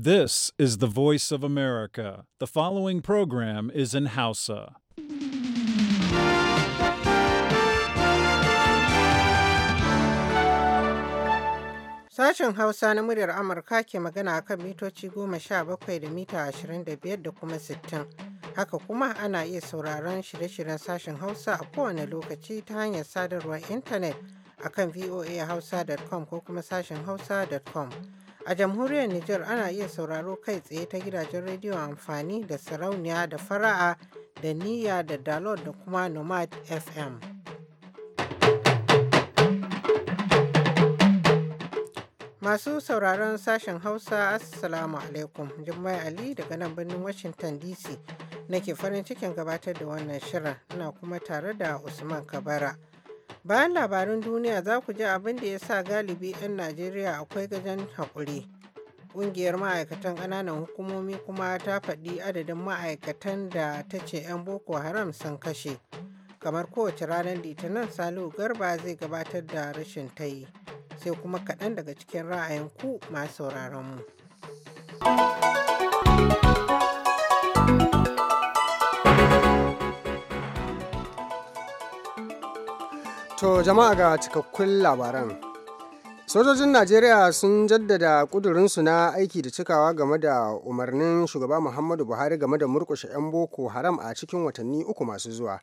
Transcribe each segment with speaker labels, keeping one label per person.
Speaker 1: This is the voice of America. The following program is in
Speaker 2: Hausa. Sashen Hausa na muryar Amurka ke magana kan mitoci goma sha bakwai da mita ashirin da biyar da kuma sittin. Haka kuma ana iya sauraron shirye-shiryen sashen Hausa a kowane lokaci ta hanyar sadarwar intanet akan voahausa.com ko kuma sashen hausa.com. A jamhuriyar Nijar ana iya sauraro kai tsaye ta gidajen rediyo amfani da sarauniya da fara'a da niyya da dalot da kuma nomad FM. Masu sauraron sashen Hausa Assalamu alaikum Jummai Ali daga nan birnin Washington DC nake farin cikin gabatar da wannan shirin ana kuma tare da Usman Kabara. Bayan labarin duniya za ku ji abin da ya sa galibi 'yan Najeriya akwai gajen haƙuri. Ƙungiyar ma'aikatan ƙananan hukumomi kuma ta faɗi adadin ma'aikatan da ta ce 'yan Boko Haram sun kashe. Kamar kowace ranar Litinin Salihu Garba zai gabatar da rashin ta yi. Sai kuma kaɗan daga cikin ra'ayin ku masu sauraron mu.
Speaker 3: To jama'a ga cikakkun labaran. Sojojin Najeriya sun jaddada kudurinsu na aiki da cikawa game da umarnin shugaba Muhammadu Buhari game da murkushe 'yan Boko Haram a cikin watanni uku masu zuwa.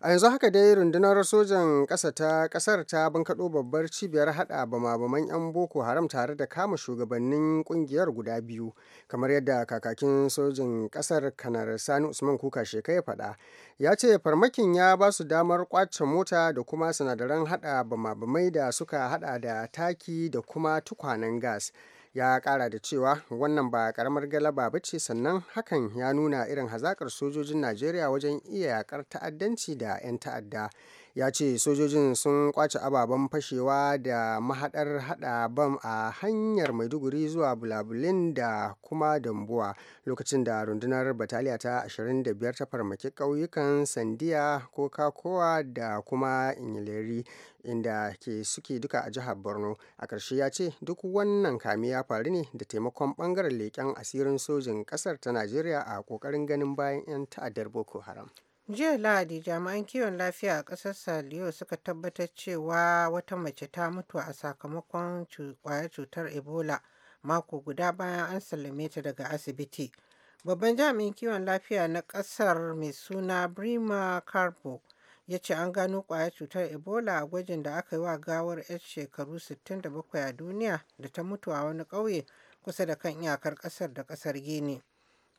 Speaker 3: a yanzu haka dai rundunar sojan ƙasa ta ƙasar ta bankaɗo babbar cibiyar haɗa bama-baman 'yan boko haram tare da kama shugabannin ƙungiyar guda biyu kamar yadda kakakin sojan ƙasar kanar sani usman kuka sheka ya faɗa ya ce farmakin ya ba su damar kwace mota da kuma sinadaran haɗa bama-bamai da suka haɗa da taki da kuma tukwanen gas ya kara da cewa wannan ba karamar galaba ba ce sannan hakan ya nuna irin hazakar sojojin najeriya wajen iya yakar ta'addanci da 'yan ta'adda ya ce sojojin sun kwace ababen fashewa da mahaɗar haɗa bam a hanyar maiduguri zuwa bulabulin da kuma dambuwa lokacin da rundunar bataliya ta 25 ta farmaki ƙauyukan sandiya ko kakowa da kuma inyileri inda ke suke duka a jihar borno a ƙarshe ya ce duk wannan kami ya faru ne da taimakon ɓangaren leƙen asirin sojin ƙasar ta najeriya a ƙoƙarin ganin bayan 'yan ta'addar boko haram
Speaker 2: Jiya Lahadi jami'an kiwon lafiya a ƙasar Saliyo suka tabbatar cewa wata mace ta mutu a sakamakon kwayar cutar Ebola mako guda bayan an sallame ta daga asibiti. Babban jami'in kiwon lafiya na ƙasar mai suna Brima Carbo ya ce an gano ƙwayar cutar Ebola a gwajin da aka yi wa gawar 'yar shekaru 67 a duniya da ta mutu a wani ƙauye kusa da kan iyakar ƙasar da ƙasar Gini.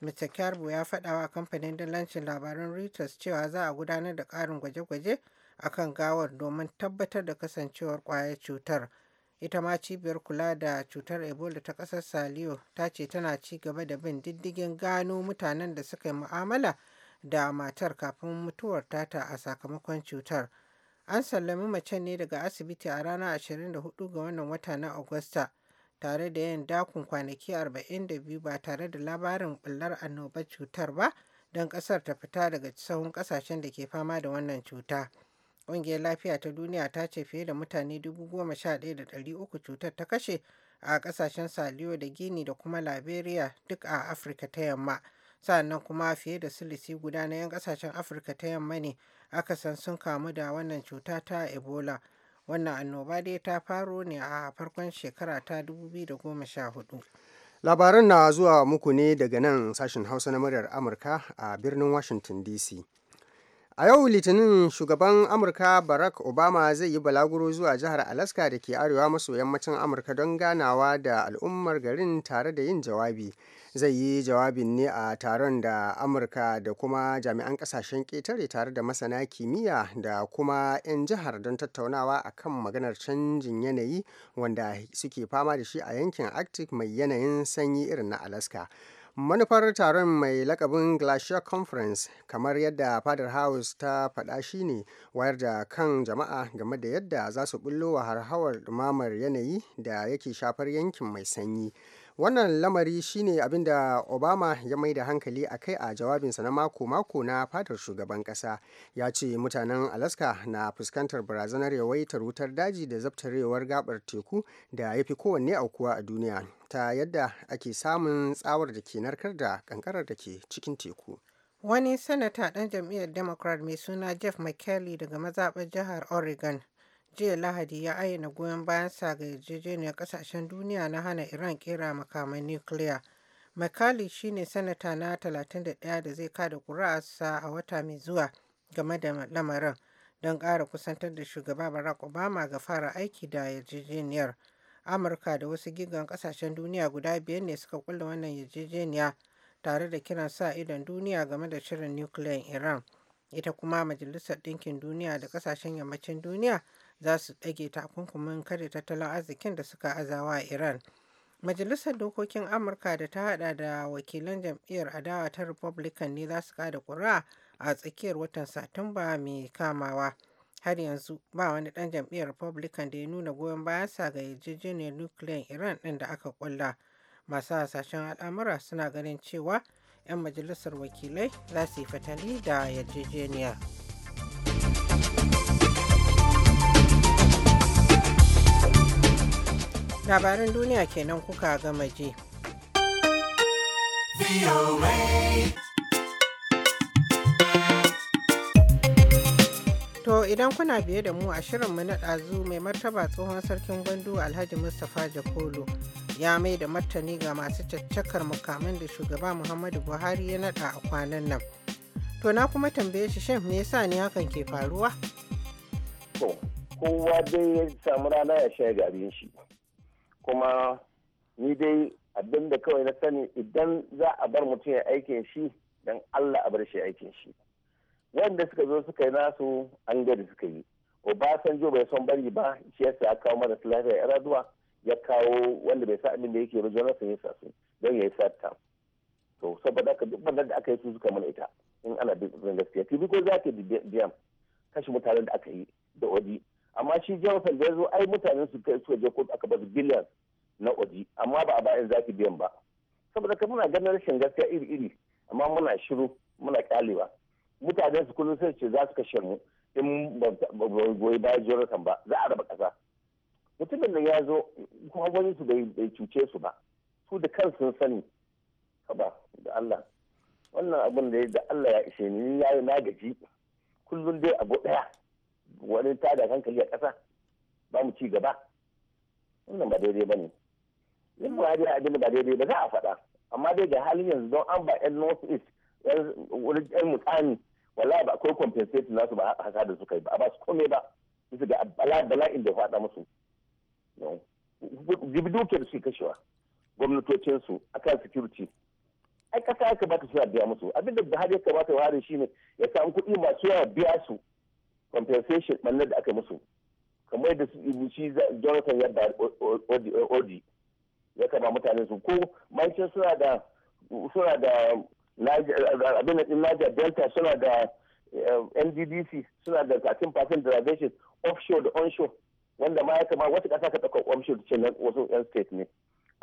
Speaker 2: Mr. Kyarbo ya faɗa wa kamfanin dalancin labaran Reuters cewa za a gudanar da ƙarin gwaje-gwaje a kan gawar domin tabbatar da kasancewar ƙwayar cutar. Ita ma cibiyar kula da cutar Ebola ta ƙasar Saliyo ta ce tana ci gaba da bin diddigin gano mutanen da suka yi mu'amala da matar kafin mutuwar tata a sakamakon cutar. An sallami mace ne daga asibiti a ranar 24 ga wannan wata na Agusta. tare da yin dakun kwanaki 42 ba tare da labarin bullar annobar cutar ba don ƙasar ta fita daga sahun ƙasashen da ke fama da wannan cuta. Ƙungiyar Lafiya ta Duniya ta ce fiye da mutane 11,300 cutar ta kashe a ƙasashen Saliyo da Gini da kuma Liberia duk a Afirka ta Yamma. Sannan kuma fiye da silisi guda na 'yan ƙasashen Afirka ta Yamma ne aka san sun kamu da wannan cuta ta Ebola. Wannan annoba dai ta faro ne a farkon shekara ta 2014.
Speaker 3: Labaran na zuwa muku ne daga nan sashen Hausa na muryar Amurka a birnin Washington DC. A yau Litinin shugaban Amurka Barack Obama zai yi balaguro zuwa jihar Alaska da ke arewa maso yammacin Amurka don ganawa da al'ummar garin tare da yin jawabi. zai yi jawabin ne a taron da amurka da kuma jami'an kasashen ƙetare tare da masana kimiyya da kuma 'yan jihar don tattaunawa a kan maganar canjin yanayi wanda suke fama da shi a yankin arctic mai yanayin sanyi irin na alaska manufar taron mai lakabin glacier conference kamar yadda fadar house ta faɗa shine wayar da kan jama'a game da yadda za su bullo wa harhawar dumamar yanayi da yake shafar yankin mai sanyi wannan lamari shine abinda obama ya mai da hankali a kai a jawabinsa na mako-mako na fatar shugaban kasa ya ce mutanen alaska na fuskantar barazanar yawaitar wutar daji da zabtarewar gabar teku da ya fi kowanne aukuwa a duniya ta yadda ake samun tsawar da ke narkar da kankarar da ke cikin teku
Speaker 2: wani sanata ɗan jam'iyyar democrat mai suna jeff mckelly daga mazaɓar jihar oregon jiya Lahadi ya ayyana goyon bayansa ga yarjejeniyar kasashen duniya na hana Iran kera makaman nukiliya. makali shine sanata na 31 da zai kada kuri'arsa a wata mai zuwa game da lamarin don ƙara kusantar da shugaba Barack Obama ga fara aiki da yarjejeniyar. Amurka da wasu gigan kasashen duniya guda biyar ne suka kulle wannan yarjejeniya tare da kiran sa idon duniya game da shirin nukiliyan Iran. ita kuma majalisar ɗinkin duniya da ƙasashen yammacin duniya za su ɗage takunkumin karya tattalin arzikin da suka azawa a iran majalisar dokokin amurka da ta hada da wakilan jam'iyyar adawa ta republican ne za su kada ƙuri'a a tsakiyar watan satumba mai kamawa har yanzu ba wani ɗan jam'iyyar republican da ya nuna goyon bayansa ga yarjejeniyar nukiliyan iran ɗin da aka ƙulla masu hasashen al'amura suna ganin cewa 'yan majalisar wakilai za su yi fatali da Yarjejeniya. labaran duniya kenan kuka gama je To idan kuna biye da mu a shirinmu na ɗazu mai martaba tsohon sarkin gwandu Alhaji Mustapha Jakolo ya mai da martani ga masu caccakar mukamin da shugaba muhammadu buhari ya nada a kwanan nan to na kuma tambaye shi shin me yasa ne hakan ke faruwa
Speaker 4: to kowa dai
Speaker 5: ya samu rana ya sha abin shi kuma ni dai abin da kawai na sani idan za a bar mutum ya aikin shi dan allah a bar shi aikin shi wanda suka zo suka yi nasu an gari suka yi obasanjo bai son bari ba shi yasa ya kawo marasa lafiya yaraduwa ya kawo wanda bai sa abin da yake ba jonas ya sa su don ya yi satta to saboda ka duk wanda da aka yi su suka mana ita in ana bin gaskiya tv ko za ta biya kashe mutanen da aka yi da odi amma shi jonathan da ya zo ai mutanen su kai suka je kotu aka bar biliyan na odi amma ba a bayan ki biyan ba saboda ka muna ganin rashin gaskiya iri-iri amma muna shiru muna kyalewa mutanen su kullum sai ce za su kashe mu in ba goyi bayan jonathan ba za a raba kasa mutumin da ya zo kuma wani su bai cuce su ba su da kan sun sani ba da Allah wannan abin da da Allah ya ishe ni ya yi nagaji kullum dai abu daya wani tada hankali a ƙasa ba mu ci gaba wannan ba daidai ba ne yin ba dai abin ba daidai ba za a faɗa amma dai da halin yanzu don an ba yan north east yan mutsani wala ba akwai compensation nasu ba haka da suka yi ba a ba su kome ba bisa ga bala'in da faɗa musu gibi dukiyar su kashewa gwamnatocinsu a kan security ai kasa ya kamata su biya musu abinda buhari ya kamata shi shine ya samu kuɗi masu yawa biya su compensation ɓannar da aka musu kamar da shi jonathan da odi ya kama mutane su ko mancin suna da suna da abin din Niger Delta suna da eh, NDDC suna da 13% derivation offshore da onshore wanda ma ya kama wata kasa ka ɗaukar omshir ce na wasu 'yan state ne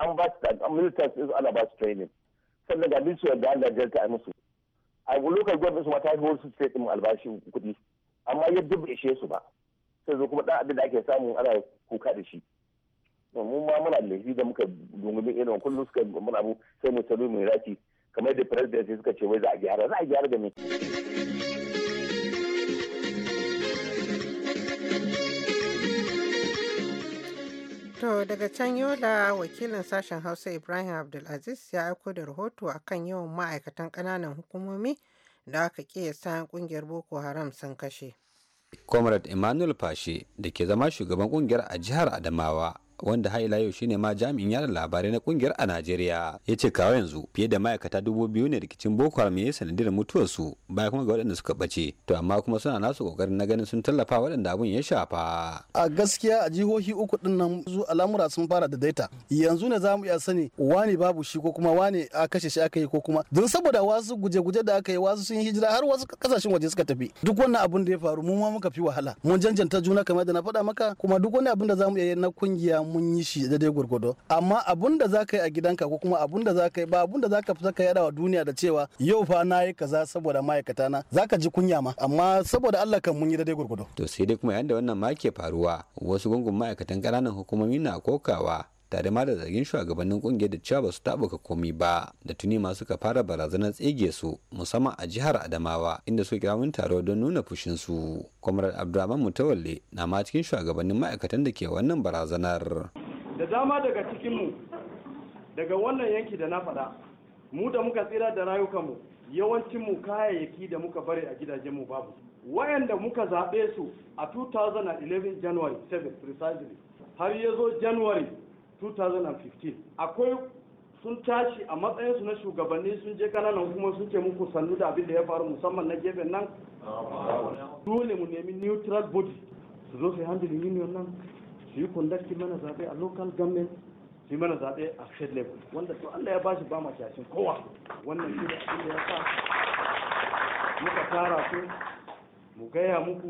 Speaker 5: an ba su militants su ana ba su training sannan ga dukiyar da ta jarta a musu a lokacin gwamnati su ma ta fi wasu state ɗin albashi kuɗi amma yadda bai ishe su ba sai zo kuma dan abin da ake samu ana kuka da shi mu ma muna laifi da muka dungumi irin kullum suka muna abu sai mu salu mu raki kamar da president suka ce wai za a gyara za a gyara da me.
Speaker 2: To daga can Yola wakilin sashen Hausa Ibrahim Abdulaziz ya aiko da rahoto akan yawan ma'aikatan kananan hukumomi da aka ƙiyasta kungiyar Boko Haram sun kashe.
Speaker 6: Comrade Emmanuel Fashe da ke zama shugaban kungiyar a jihar Adamawa wanda har ila yau shine ma jami'in yada labarai na kungiyar a Najeriya ya ce kawo yanzu fiye da ma'aikata dubu biyu ne rikicin Boko Haram ya sanadiyar mutuwar su baya kuma ga waɗanda suka bace to amma kuma suna nasu kokarin na ganin sun tallafa waɗanda abun ya shafa
Speaker 1: a gaskiya a jihohi uku din nan zu al'amura sun fara da daita yanzu ne zamu iya sani wani babu shi ko kuma wani a kashe shi aka yi ko kuma don saboda wasu guje-guje da aka yi wasu sun hijira har wasu kasashen waje suka tafi duk wannan abun da ya faru mu ma muka fi wahala mun janjanta juna kamar da na faɗa maka kuma duk wani abun da zamu iya na kungiya mun yi shi daidai gwargwado amma abun da zaka yi a gidanka ko kuma abun da zaka yi ba abun da zaka fita ka yada wa duniya da cewa yau fa na yi kaza saboda ma'aikata na zaka ji kunya ma amma saboda Allah kan mun yi daidai gwargwado
Speaker 6: to sai dai kuma yanda da wannan ma ke faruwa wasu gungun ma'aikatan ƙananan hukumomi na kokawa tare ma da zargin shugabannin kungiyar da cewa ba su ka komi ba da tuni ma suka fara barazanar tsege su musamman a jihar Adamawa inda suka kira wani taro don nuna fushin su. Kwamrar Abdurrahman Mutawalle na ma cikin shugabannin ma'aikatan da ke wannan barazanar.
Speaker 4: Da dama daga cikinmu daga wannan yanki da na faɗa mu da muka tsira da rayukanmu yawancinmu kayayyaki da muka bari a gidajenmu babu wayanda muka zaɓe su a 2011 january 7 precisely har ya zo january 2015 akwai sun tashi a matsayinsu na shugabanni sun je kananan kuma sun ce muku sannu da abin da ya faru musamman na gefen nan dole mu nemi neutral body su zo su yi handling union nan su yi kundakti mana zaɓe a local government su yi mana zaɓe a state level wanda to Allah ya
Speaker 5: ba shi ba ma kowa wannan shi da abin da ya
Speaker 4: sa muka tara su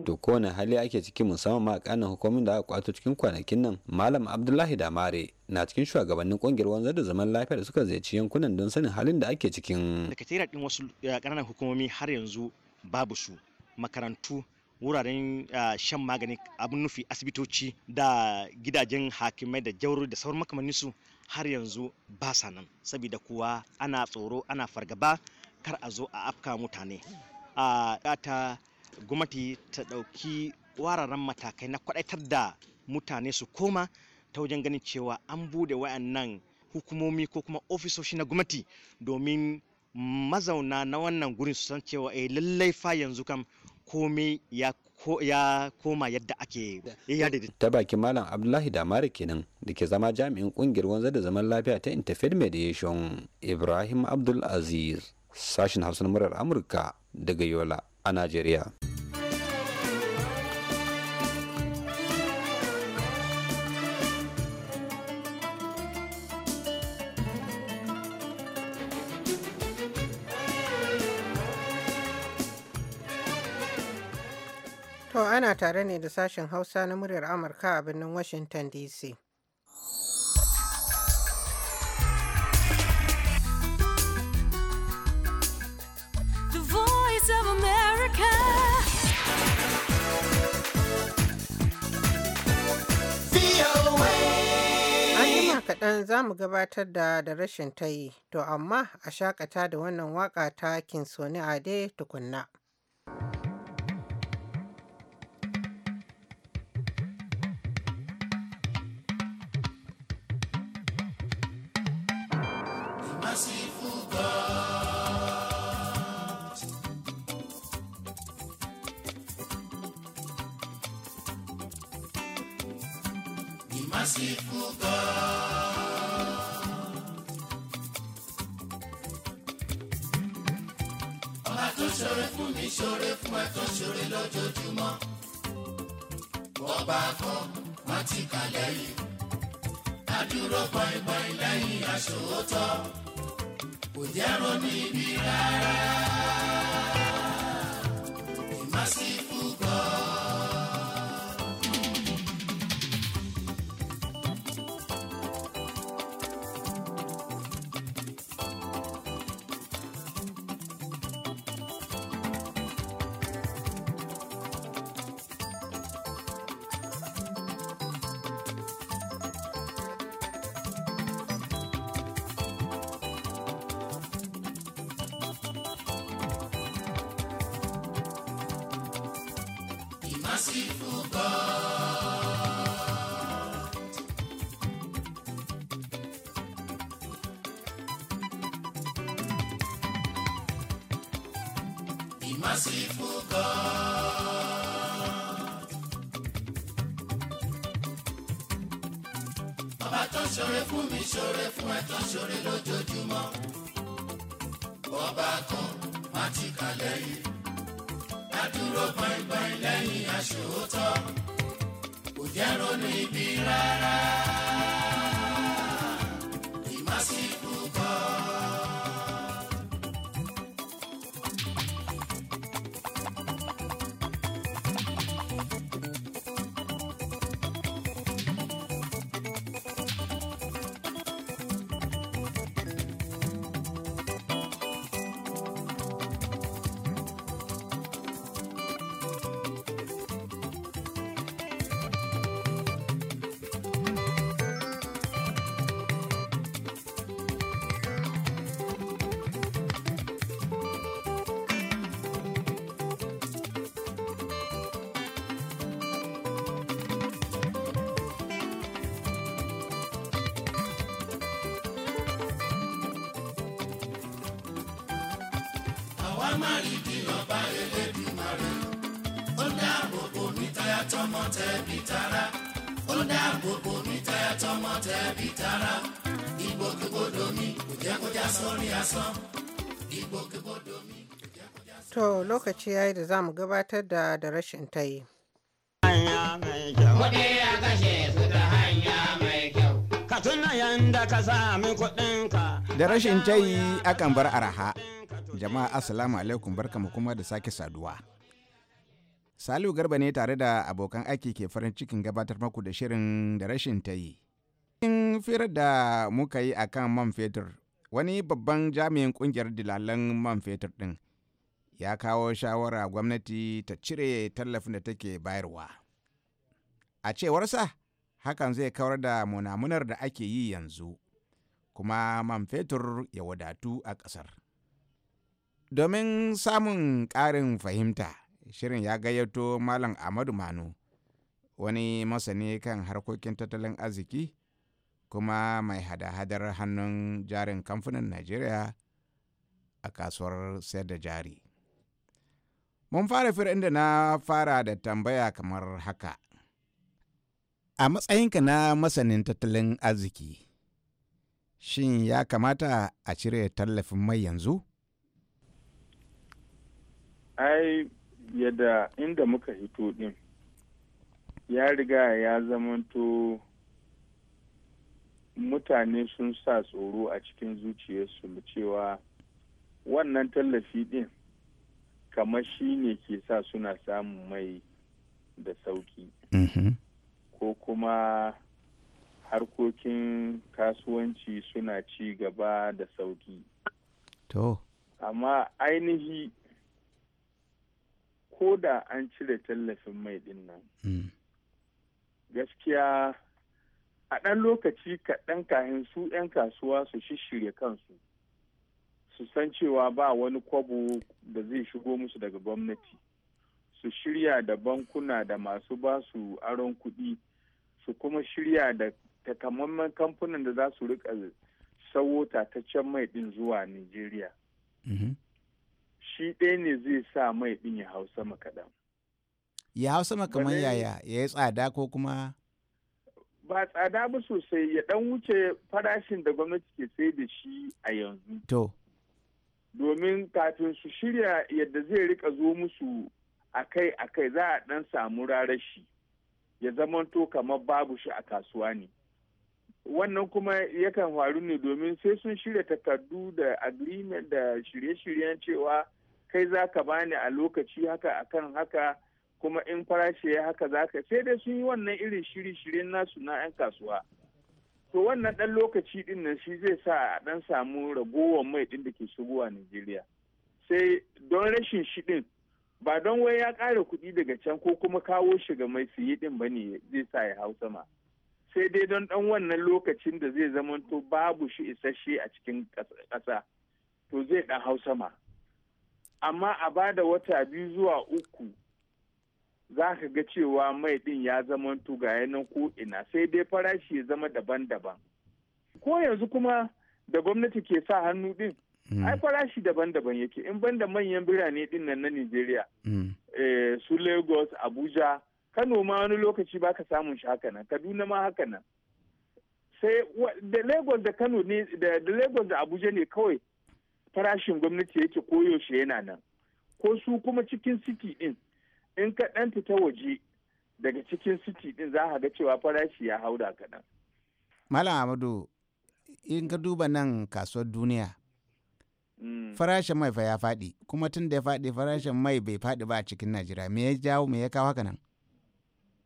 Speaker 6: To hali ake ciki musamman ma kanan hukumomin da aka kwato cikin kwanakin nan Malam Abdullahi Damare na cikin shugabannin kungiyar wanzar da zaman lafiya da suka ziyarci yankunan don sanin halin da ake cikin.
Speaker 1: Sakatariya din wasu kananan eh, hukumomi har yanzu babu su makarantu wuraren eh, shan magani abun nufi asibitoci da gidajen hakimai da jauro da sauran makamannin su har yanzu ba sa nan saboda kuwa ana tsoro ana fargaba kar a zo a afka mutane a ah, ta gwamnati ta ɗauki wararan matakai na kwaɗaitar da mutane su koma ta wajen ganin cewa an bude wayannan hukumomi ko kuma ofisoshi na gwamnati domin mazauna na wannan gurin su san cewa eh lallai fa yanzu kam komai ya ko ya koma yadda ake ya
Speaker 6: ta baki malam abdullahi damari kenan da ke zama jami'in kungiyar wanzar da zaman lafiya ta interfaith mediation ibrahim abdul aziz sashin hausa murar amurka daga yola a Najeriya.
Speaker 2: To ana tare ne da sashen Hausa na muryar Amurka a birnin Washington DC. kaɗan za mu gabatar da da rashin ta yi, to amma a shakata da wannan waƙa ta Kinsoni Ade tukunna.
Speaker 1: Masifu God.
Speaker 2: Masifu God.
Speaker 5: ṣoore fún ẹ tó ṣoore lójoojúmọ́ bọ́ba kọ́ má ti kà lẹ́yìn adúró bọ́ìbọ́ì lẹ́yìn aṣòótọ́ kò jẹ́ ronú rárá. merciful God. Ọba tó ṣoore fún mi ṣoore fún ẹ tó ṣoore lójoojúmọ́. Ọba kan má ti kà lẹ́yìn. Dádúró gbọ̀ngbọ̀n lẹ́yìn aṣòótọ́. Kò jẹ́ ronú ibi
Speaker 2: rárá. to lokaci ya yi da za mu gabatar da da rashin ta yi. a
Speaker 5: kashe
Speaker 1: su
Speaker 2: ka tuna yanda ka da rashin
Speaker 1: ta yi akan bar araha. Jama'a Assalamu alaikum barkamu kuma da sake saduwa. Salihu Garba ne tare da abokan aiki ke farin cikin gabatar maku da shirin da rashin ta yi. Cikin firar da muka yi a kan man fetur, wani babban jami'in kungiyar dilalan man fetur ɗin ya kawo shawara gwamnati ta cire tallafin da take bayarwa. A cewarsa, hakan zai kawar da munamunar da ake yi yanzu, kuma man fetur ya wadatu a ƙasar. Domin samun ƙarin fahimta, shirin ya gayyato Malam Ahmadu Manu, wani masani kan harkokin tattalin arziki kuma mai hada-hadar hannun jarin kamfanin Najeriya a kasuwar sayar da jari. Mun fara firin da na fara da tambaya kamar haka. A matsayinka na masanin tattalin arziki, shin ya kamata a cire tallafin mai yanzu?
Speaker 4: ai yadda inda muka hito din ya riga ya zamanto mutane sun sa tsoro a cikin zuciyarsu cewa wannan tallafi din kamar shi ne ke sa suna samun mai da sauki mm-hmm. ko kuma harkokin kasuwanci suna ci gaba da sauki to amma ainihi ko da an cire tallafin mai din nan hmm. gaskiya a ɗan lokaci kaɗan kahin su 'yan kasuwa su shishirya kansu su san cewa ba wani kwabo da zai shigo musu daga gwamnati su shirya da bankuna da masu ba su aron kuɗi su kuma shirya da takamaiman kamfanin da za su rika sawo tataccen mai ɗin zuwa nigeria hmm. shi ɗaya ne zai sa mai ɗin ya hau sama kaɗan.
Speaker 1: Ya hau sama kamar yaya ya yi tsada ko kuma?
Speaker 4: Ba tsada ba sosai ya ɗan wuce farashin da gwamnati ke sai da shi a yanzu. To. Domin kafin su shirya yadda zai rika zo musu a kai-a kai za a ɗan samu rarashi ya zamanto kamar babu shi a kasuwa ne. wannan kuma yakan faru ne domin sai sun shirya takardu da agreement da shirye-shiryen cewa kai za ka bani a lokaci haka akan haka kuma in farashi ya haka za ka sai dai sun yi wannan irin shiri-shirin nasu na 'yan kasuwa to wannan ɗan lokaci ɗin nan shi zai sa a ɗan samu ragowar mai ɗin da ke shigowa Najeriya sai don rashin shi ɗin ba don wai ya ƙara kuɗi daga can ko kuma kawo shi ga mai siye ɗin ba ne zai sa ya hau sama sai dai don dan wannan lokacin da zai zamanto babu shi isasshe a cikin kasa to zai ɗan hau sama amma a bada wata biyu zuwa uku za ka ga cewa mai din ya zama tuga yanan ko ina sai dai farashi ya zama daban-daban ko yanzu kuma da gwamnati ke sa hannu din mm. ai farashi daban-daban yake in ban da manyan birane din nan na nigeria mm. eh, su lagos abuja kano ma wani lokaci baka samun shi hakanan nan kaduna ma haka sai da lagos da abuja ne kawai farashin gwamnati yake koyaushe yana nan ko su kuma cikin siti din in ka dan fita waje daga cikin siti din za ka ga cewa farashi ya da kaɗan.
Speaker 1: Malam Amadu in ka duba nan kasuwar duniya mm. farashin mai ya faɗi kuma tun da ya faɗi farashin mai bai faɗi ba a cikin Najeriya me ya jawo me ya kawo haka nan?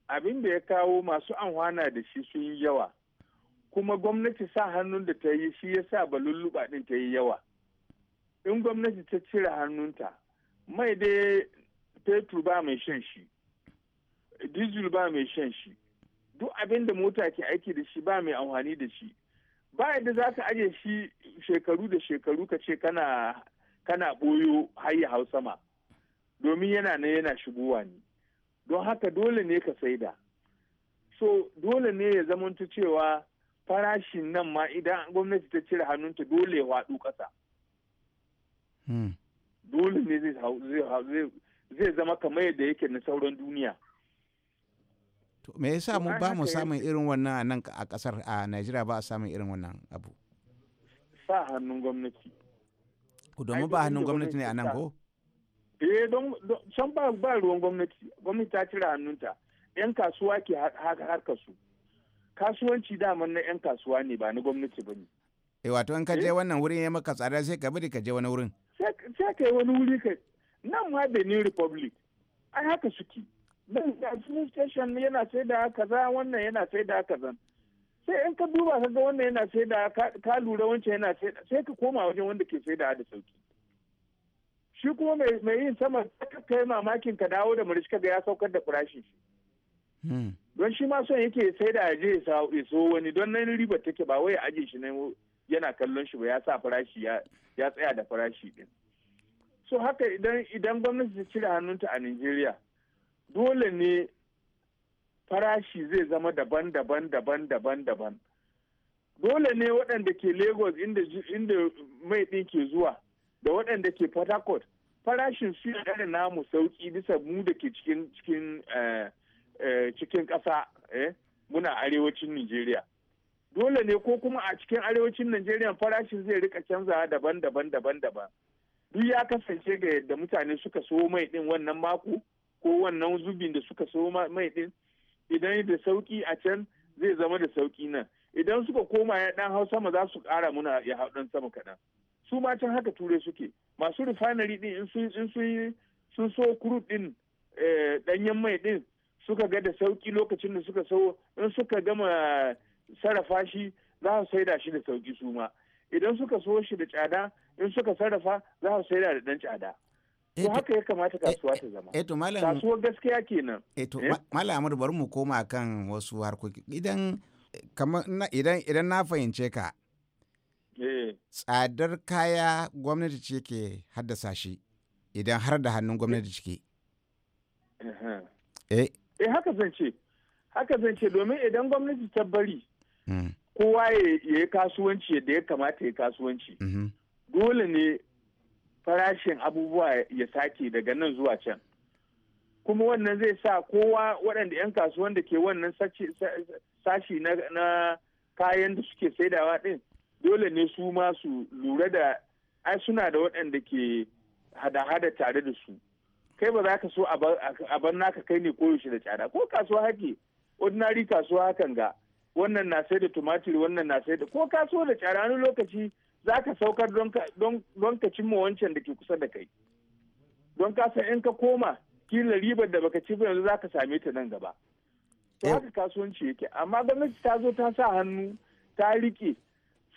Speaker 4: Abin da ya kawo masu amfana da shi sun yi yawa kuma gwamnati sa hannun da ta yi shi ya sa balulluɓa ɗin ta yi yawa. in gwamnati ta cire hannunta mai dai fetur ba mai shan shi diesel ba mai shan shi duk abin da mota ke aiki da shi ba mai amfani da shi ba yadda za ka aje shi shekaru da shekaru ka ce kana kana boyo hayya hau sama domin yana na yana shigowa ne don haka dole ne ka saida so dole ne ya zamanta cewa farashin nan ma idan gwamnati ta cire hannunta dole ya waɗu ƙasa. Hmm. dole ne zai zama kamar yadda yake na sauran duniya
Speaker 1: me yasa mu ba mu samun irin wannan a nan a kasar a Najeriya ba a samun irin wannan abu
Speaker 4: sa hannun gwamnati
Speaker 1: domin ba hannun gwamnati ne a nan ko
Speaker 4: eh don can ba ba ruwan gwamnati gwamnati ta cire hannunta yan kasuwa ke harka su kasuwanci daman na yan kasuwa ne ba na gwamnati ba ne
Speaker 1: eh wato in ka je eh? wannan wurin ya maka tsada sai ka bari ka je wani wurin
Speaker 4: sai ka yi wani wuri ka nan ma benin republic ai haka suke nan da yana sai da kaza wannan yana sai da kaza sai in ka duba ka ga wannan yana sai da ka lura wancan yana sai sai ka koma wajen wanda ke sai da da sauki shi kuma mai yin sama ka kai mamakin ka dawo da ka ga ya saukar da farashin shi hmm. don shi ma son yake sai da aje ya so wani don nan riba take ba wai aje shi ne yana kallon shi ba ya sa farashi ya tsaya da farashi din so haka idan idan gwamnati ta cire hannunta a nigeria dole ne farashi zai zama daban daban daban daban daban dole ne waɗanda ke Lagos inda mai ɗin ke zuwa da waɗanda ke Port farashin su ya da namu sauki bisa mu da ke cikin cikin eh, eh, ƙasa eh, muna arewacin nigeria. dole ne ko kuma a cikin arewacin najeriya farashin zai rika canzawa daban-daban daban-daban duk ya kasance ga yadda mutane suka so mai din wannan mako ko wannan zubin da suka so mai din idan da sauki a can zai zama da sauki nan idan suka koma ya dan hau sama za su kara muna ya hau dan sama kaɗan su ma can haka ture suke masu refinery din in sun sun so crude din danyen eh, mai din suka ga da sauki lokacin da suka so in suka gama sarrafa shi za su saida shi da sauki su ma idan suka so shi da tsada in suka sarrafa za su saida da dan tsada eh, to haka ya kamata eh, kasuwa ta eh, zama eto malam kasuwa gaskiya kenan
Speaker 1: eto malam Amadu bari mu koma kan wasu harkoki idan kamar idan idan na fahimce ka tsadar kaya gwamnati ce ke haddasa shi idan har da hannun gwamnati ciki eh
Speaker 4: haka zan ce haka zan ce domin idan gwamnati ta bari kowa ya yi kasuwanci yadda ya kamata ya kasuwanci mm-hmm. dole ne farashin abubuwa ya sake daga nan zuwa can kuma wannan zai sa kowa waɗanda 'yan kasuwan da ke wannan sashi na kayan da suke saidawa ɗin dole ne su ma su lura da ai suna da waɗanda ke hada-hada tare da su kai ba za ka so a bar naka kai ne koyaushe da tsada ko kasuwa hake ordinary kasuwa hakan ga wannan na sai da tumatir wannan na sai da ko ka so da tsara lokaci za ka saukar don ka cimma wancan da ke kusa da kai don ka san in ka koma kila ribar da baka ci ba yanzu za ka same ta nan gaba to eh. haka kasuwanci yake amma gwamnati ta zo ta sa hannu ta rike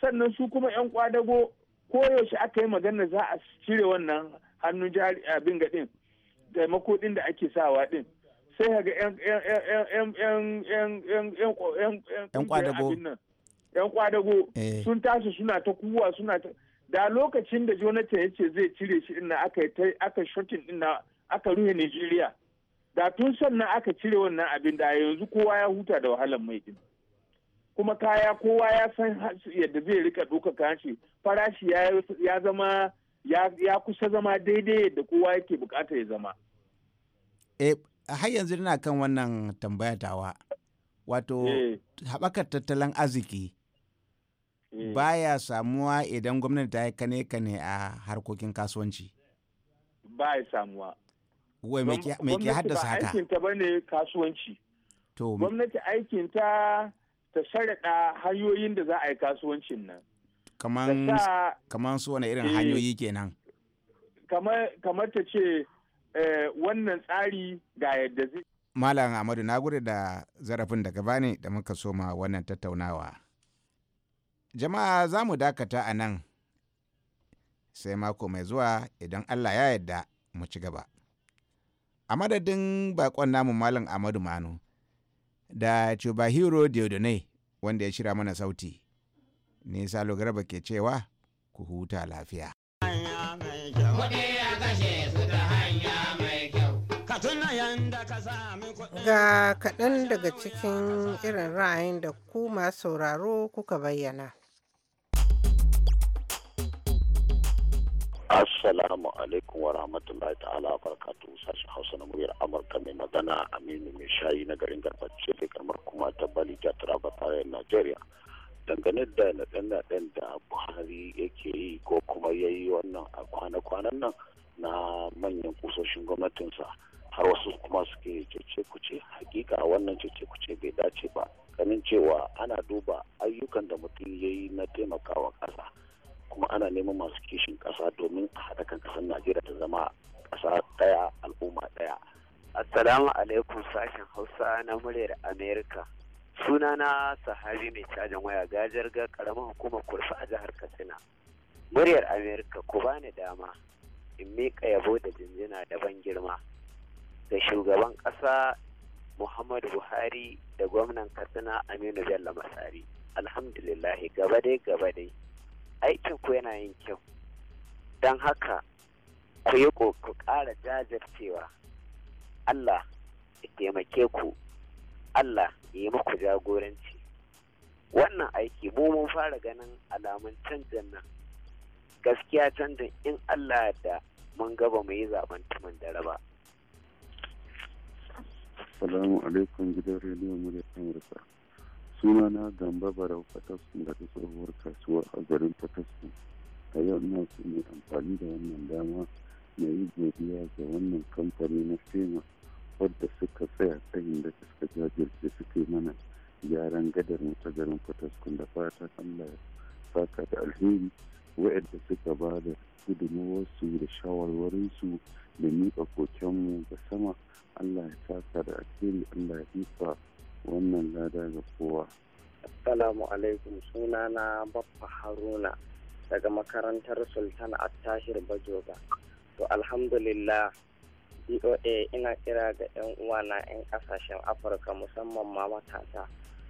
Speaker 4: sannan su kuma yan kwadago koyaushe aka yi magana za a cire wannan hannun jari abin gaɗin da taimako da ake sawa ɗin. sai ga yan kwadago yan kwadago sun tashi suna ta kuwa suna ta da lokacin da jonathan ya ce zai cire shi ina aka aka shotin ina aka ruhe nigeria da tun sannan aka cire wannan abin da yanzu kowa ya huta da wahalar mai din kuma kaya kowa ya san yadda zai rika ɗauka kashi farashi ya zama ya kusa zama daidai yadda kowa yake bukata ya zama
Speaker 1: a har yanzu ina kan wannan tambaya tawa wato eh. haɓakar tattalin arziki eh. baya samuwa idan gwamnati ta yi kane kane a harkokin kasuwanci
Speaker 4: ba ya samuwa
Speaker 1: wai mai ke haddasa haka aikinta
Speaker 4: ba ne kasuwanci to gwamnati aikinta ta ta hanyoyin da za a yi kasuwancin nan
Speaker 1: kamar su wani irin eh. hanyoyi kenan
Speaker 4: kamar ta ce Eh, wannan tsari ga yadda zai
Speaker 1: Malam Amadu na gode da zarafin da gaba ne da muka soma wannan tattaunawa. Jama'a za mu dakata a nan sai mako mai zuwa idan Allah ya yadda mu ci gaba. A madadin bakon namu Malam Amadu Manu da Chubahiro Diodone wanda ya shira mana sauti, ni Salo Garba ke cewa ku huta
Speaker 2: lafiya. Kuɗi a kashe su. Ga kaɗan daga cikin irin ra'ayin da ku masu sauraro kuka bayyana.
Speaker 5: Assalamu alaikum wa rahmatullahi ta'ala barkatu sashi Hausa na muryar Amurka mai magana Aminu mai shayi na garin garbace da kamar kuma ta Bali ta turaba tarayyar Najeriya. Dangane da naɗen-naɗen da Buhari yake yi ko kuma ya yi wannan a kwana-kwanan nan na manyan kusoshin gwamnatinsa. har wasu kuma suke cece kuce hakika wannan cece kuce bai dace ba ganin cewa ana duba ayyukan da mutum ya yi na taimakawa ƙasa kuma ana neman masu kishin kasa domin a haɗa kan kasar najeriya ta zama kasa ɗaya al'umma ɗaya assalamu alaikum sashen hausa na muryar amerika na sahabi mai cajin waya gajar ga karamin hukumar kurfa a jihar katsina muryar amerika ku bani dama in miƙa yabo da jinjina da ban girma da shugaban ƙasa muhammadu buhari da gwamnan katsina aminu bello masari Alhamdulillah gaba dai gaba dai aikin ku yana yin kyau don haka ku yi ku ƙara jajircewa allah ya taimake ku allah ya yi muku jagoranci wannan aiki mu mun fara ganin alamun canjin nan gaskiya canjin in allah da mun gaba mu yi zaben tumin da raba Assalamu alaikum gidan rediyo murya Amurka. Suna na Gamba Barau da ta tsohuwar kasuwa a garin Fataskun. A yau ina so mai amfani da wannan dama na yi godiya ga wannan kamfani na Fema wadda suka tsaya tsayin da suka jajirce suka yi mana gyaran gadar mu ta garin Fataskun da fata Allah ya saka da alheri wayanda suka ba da gudunmawarsu da shawarwarinsu da miƙa mu ga sama allah ya saka da asiri allah ya isa wannan lada ga kowa assalamu alaikum sunana baffa haruna daga makarantar sultan attashir bajoga to alhamdulillah doa ina
Speaker 2: kira ga 'yan uwa na 'yan ƙasashen afirka musamman ma matasa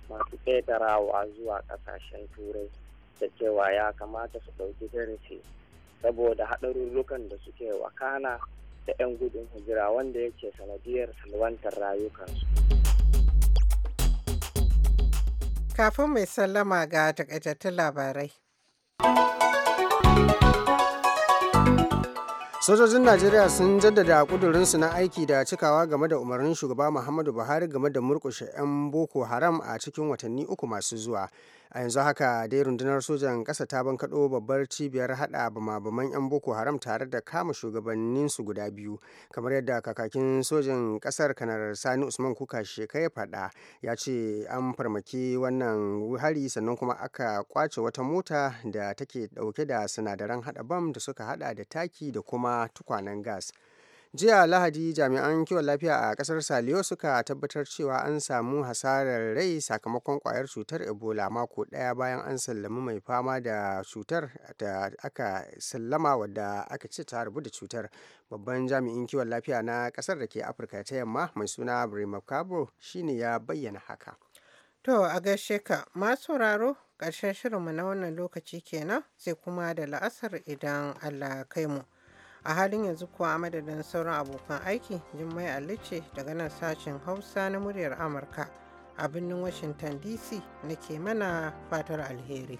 Speaker 2: masu ƙetarawa zuwa ƙasashen turai da cewa ya kamata su ɗauki darasi
Speaker 5: saboda haɗarurrukan da suke wakana da 'yan gudun hijira wanda yake sanadiyar salwantar rayukansu.
Speaker 2: Kafin mai sallama ga takaitattun labarai. sojojin najeriya sun jaddada kudurinsu na aiki da
Speaker 3: cikawa game da umarnin shugaba muhammadu buhari game da murkushe 'yan boko haram a cikin watanni uku masu zuwa a yanzu haka dai rundunar sojan ƙasa ta bankaɗo babbar cibiyar haɗa bama-baman 'yan boko haram tare da kama shugabannin su guda biyu kamar yadda kakakin sojan ƙasar kanar sani usman kuka ya faɗa ya ce an farmaki wannan hari sannan kuma aka kwace wata mota da take ɗauke da sinadaran haɗa bam da suka haɗa da taki da kuma tukwanen gas jiya lahadi jami'an kiwon lafiya a kasar saliyo suka tabbatar cewa an samu hasarar rai sakamakon kwayar cutar ebola mako daya bayan an sallami mai fama da cutar da aka sallama wadda aka ce ta rabu da cutar babban jami'in kiwon lafiya na kasar da ke afirka ta yamma mai suna brema cabo shine ya bayyana haka
Speaker 2: to a gaishe ka masu sauraro ƙarshen shirinmu na wannan lokaci kenan sai kuma da la'asar idan allah kai mu a halin yanzu kuwa a madadin sauran abokan aiki jimmai alice daga nan sashen hausa na muryar amurka a birnin washington dc na ke mana fatar alheri.